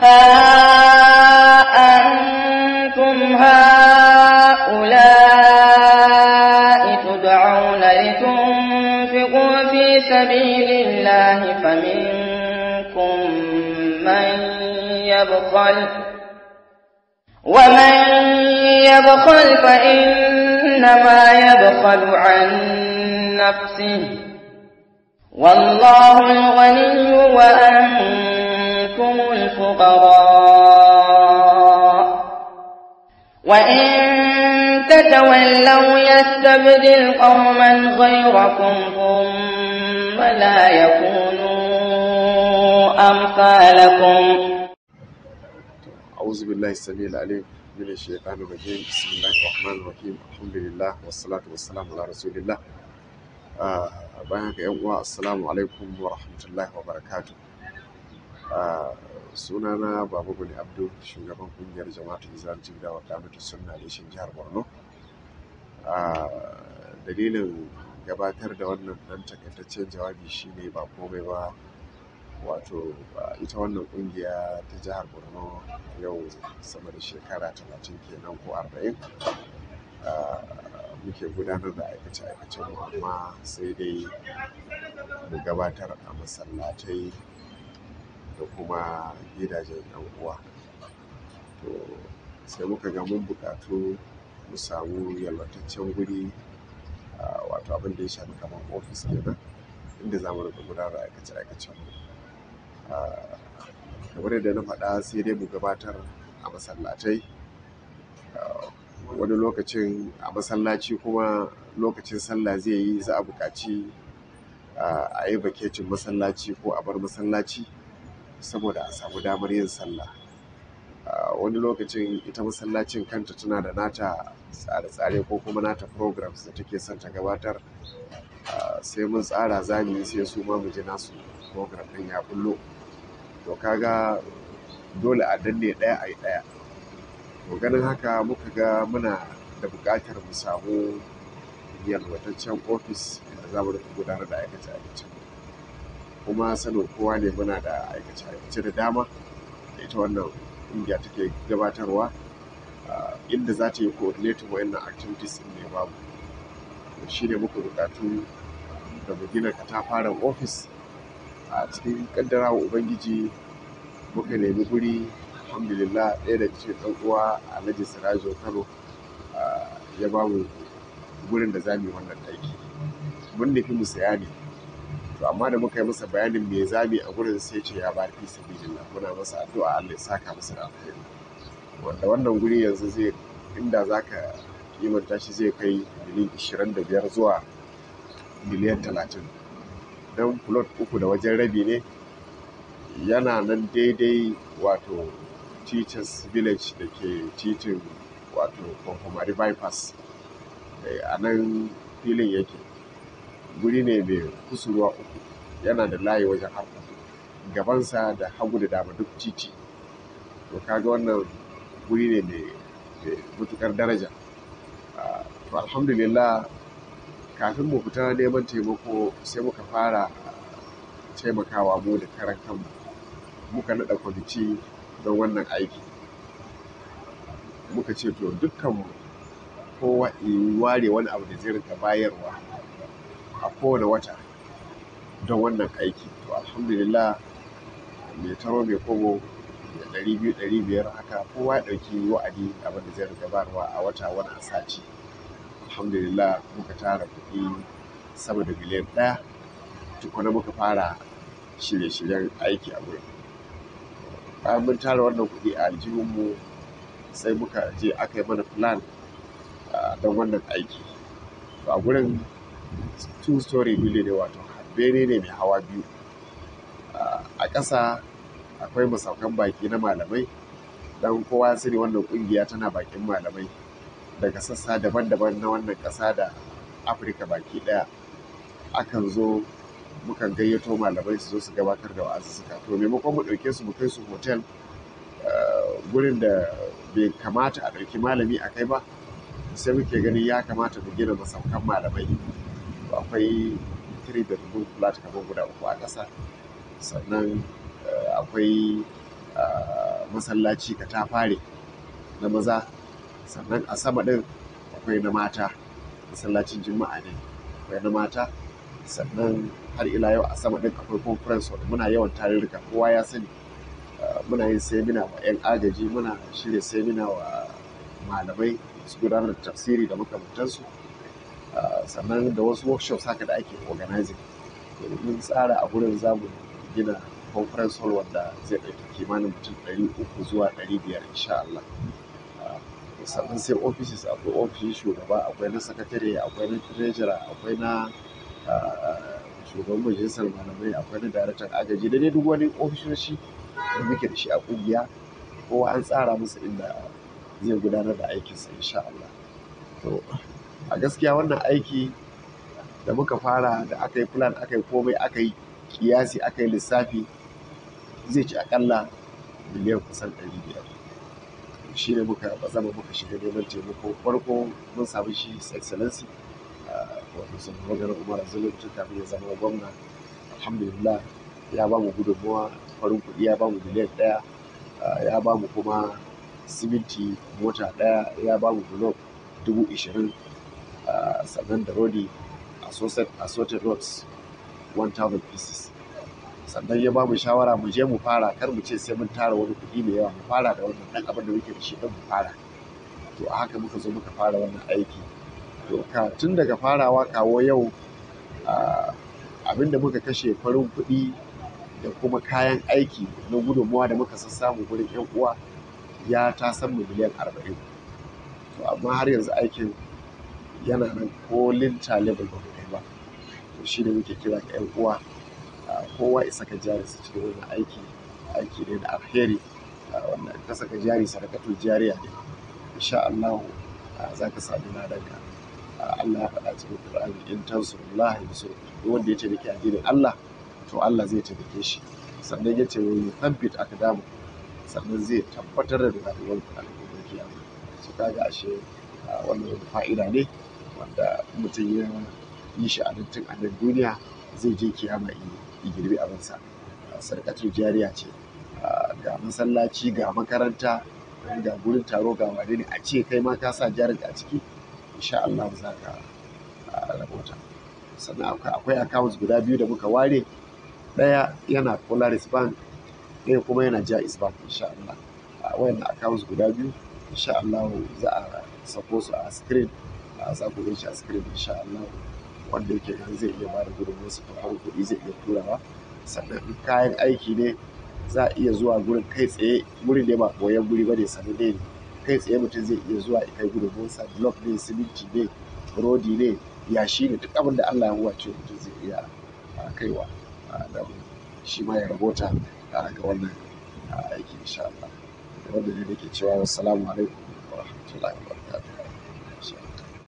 ها أنتم هؤلاء تدعون لتنفقوا في سبيل الله فمنكم من يبخل ومن يبخل فإنما يبخل عن نفسه والله الغني وأنتم الفقراء وإن تتولوا يستبدل قوما غيركم ثم لا يكونوا أمثالكم أعوذ بالله السميع العليم من الشيطان الرجيم بسم الله الرحمن الرحيم الحمد لله والصلاة والسلام على رسول الله bayan haka yan uwa assalamu alaikum wa rahmatullahi sunana baba Bani Abdul, shugaban kungiyar jama'atul islam jibda wa suna sunna shi jihar borno a dalilin gabatar da wannan dan takaitaccen jawabi shine ba komai ba wato ita wannan ƙungiya ta jihar borno yau sama da shekara talatin kenan ko arba'in muke gudanar da aikace-aikacen amma sai dai mu gabatar a masallatai da kuma gidajen yan uwa to sai muka ga mun buƙatu mu samu yalwataccen guri wato abin da ya shafi kamar ofis nan inda za mu rufe gudanar da aikace aikacen mu kamar yadda na faɗa sai dai mu gabatar a masallatai wani lokacin a masallaci kuma lokacin sallah zai yi za a buƙaci a yi bakecin masallaci ko a bar masallaci saboda a samu damar yin sallah wani lokacin ita masallacin kanta tana da nata tsare-tsare ko kuma nata programs da take son ta gabatar sai mun tsara zamu yi sai su ma mu je nasu program ɗin ya kullo. to kaga dole a danne ɗaya a yi ɗaya to ganin haka muka ga muna da buƙatar mu samu yalwataccen ofis da za mu gudanar da aikace-aikacen mu kuma sanin kowa ne muna da aikace-aikace da dama da ita wannan ƙungiya take gabatarwa inda za ta yi coordinating wayannan activities ɗin ne babu shi ne muka buƙatu da mu gina katafaren ofis a cikin kaddara ubangiji muka nemi guri alhamdulillah ɗaya daga cikin ɗan uwa alhaji sirajo kano ya ba mu gurin da za mu yi wannan aiki mun nufi mu saya ne to amma da muka yi masa bayanin me zami a gurin sai ce ya bar fi sabilillah muna masa addu'a Allah ya saka masa da alheri wanda wannan guri yanzu zai inda zaka kimanta shi zai kai miliyan 25 zuwa miliyan talatin. don plot uku da wajen rabi ne yana nan daidai wato teachers village da ke titin wato Kwakwamari bypass eh, a nan filin yake guri ne mai kusurwa uku yana da layi wajen harkar gabansa da hagu da dama duk titi to kaga wannan guri ne mai mutukar daraja ah, to alhamdulillah kafin mu fita neman taimako sai muka fara taimakawa mu da karan kanmu muka naɗa kwamiti don wannan aiki muka ce to dukkan kowa ware wani abu da zai rika bayarwa a kowane wata don wannan aiki to alhamdulillah mai taro mai kogo da ɗari biyu ɗari biyar haka kowa ya ɗauki wa'adi abin da zai riga bayarwa a wata wani sati alhamdulillah muka tara kuɗi sama da miliyan ɗaya tukuna muka fara shirye-shiryen aiki a wurin bayan mun tara wannan kuɗi a aljihunmu sai muka je aka yi mana plan ah, don wannan aiki a gurin two story building ne wato bene ne mai hawa biyu a ƙasa akwai masaukan baki na malamai don kowa sani wannan ƙungiya tana bakin malamai daga sassa daban-daban na wannan ƙasa da afirka baki ɗaya akan zo mukan gayyato malamai su zo su gabatar da suka to maimakon mu ɗauke su mu kai su hotel gurin da bai kamata a ɗauki malami a kai ba sai muke ganin ya kamata mu gina masaukan malamai akwai three bedroom flat kamar guda uku a ƙasa sannan eh, akwai ah, masallaci katafare na maza sannan a sama ɗin akwai na mata masallacin juma'a ne akwai na mata sannan har ila yau a sama ɗin akwai conference wanda muna yawan tarurruka kowa ya sani ah, muna yin semina wa 'yan agaji muna shirya semina wa malamai su gudanar da tafsiri da makamantansu sannan da wasu workshops haka da ake organizing mun tsara a gurin zamu gina conference hall wanda zai ɗauki kimanin mutum 300 zuwa 500 insha Allah ah, sannan sai offices akwai ofishin shugaba akwai na sakatare akwai na treasurer akwai na ah, shugaban majalisar malamai akwai na director agaji da dai duk wani ofishoshi da muke da shi a kungiya kowa an tsara musu inda zai gudanar da aikinsa insha Allah a gaskiya wannan aiki da muka fara da aka yi plan aka yi komai aka yi kiyasi aka yi lissafi zai ci akalla miliyan kusan ɗari biyar shi ne muka muka shiga neman taimako farko mun samu shi his excellency wato shugaban garin umar zulum tun kafin ya zama gwamna alhamdulillah ya ba mu gudunmawa farin kuɗi ya ba mu miliyan ɗaya ya ba mu kuma siminti mota ɗaya ya ba mu dubu ishirin sannan da rodi assorted rods 1000 pieces sannan ya ba mu shawara mu je mu fara kar mu ce sai mun tara wani kuɗi mai yawa mu fara da wannan ɗan abin da muke da shi don mu fara to a haka muka zo muka fara wannan aiki to ka tun daga farawa kawo yau abin da muka kashe farin kuɗi da kuma kayan aiki na gudunmuwa da muka sassamu gurin 'yan uwa ya ta san miliyan arba'in to amma har yanzu aikin yana nan ko linta level ba kai ba to shi ne muke kira ga 'yan uwa kowa isa ka jari su cikin wannan aiki aiki ne da alheri wannan ka saka jari sadakatu jariya ne insha Allah za ka sami ladanka Allah ya faɗa cikin Qur'ani in tansurullahi yusurkum wanda ya dake addinin Allah to Allah zai taimake shi sannan ya ce wani tabbit aka damu sannan zai tabbatar da rayuwar ku a cikin kiyama su kaga ashe wannan fa'ida ne wanda mutum ya yi shi a nan a nan duniya zai je kiyama ya girbi abinsa sarkatar jariya ce ga masallaci ga makaranta ga gurin taro ga wane ne a ce kai ma ka sa jarin a ciki insha Allah za ka rabota sannan akwai accounts guda biyu da muka ware ɗaya yana Polaris Bank ɗaya kuma yana Ja'iz Bank insha Allah wayannan accounts guda biyu insha Allah za a sako su a screen a za ku shi a screen insha Allah wanda yake ganin zai iya ba da gudunmuwar su kamar kuɗi zai iya turawa sannan in kayan aiki ne za a iya zuwa gurin kai tsaye gurin ne ba koyan guri ba ne sannan ne kai tsaye mutum zai iya zuwa ya kai gudunmuwar sa block ne siminti ne rodi ne yashi ne duk abin da Allah ya wace mutum zai iya kaiwa da shi ma ya rabota ga wannan aiki insha Allah wadda da ke cewa Salamu alaikum wa rahmatullahi wa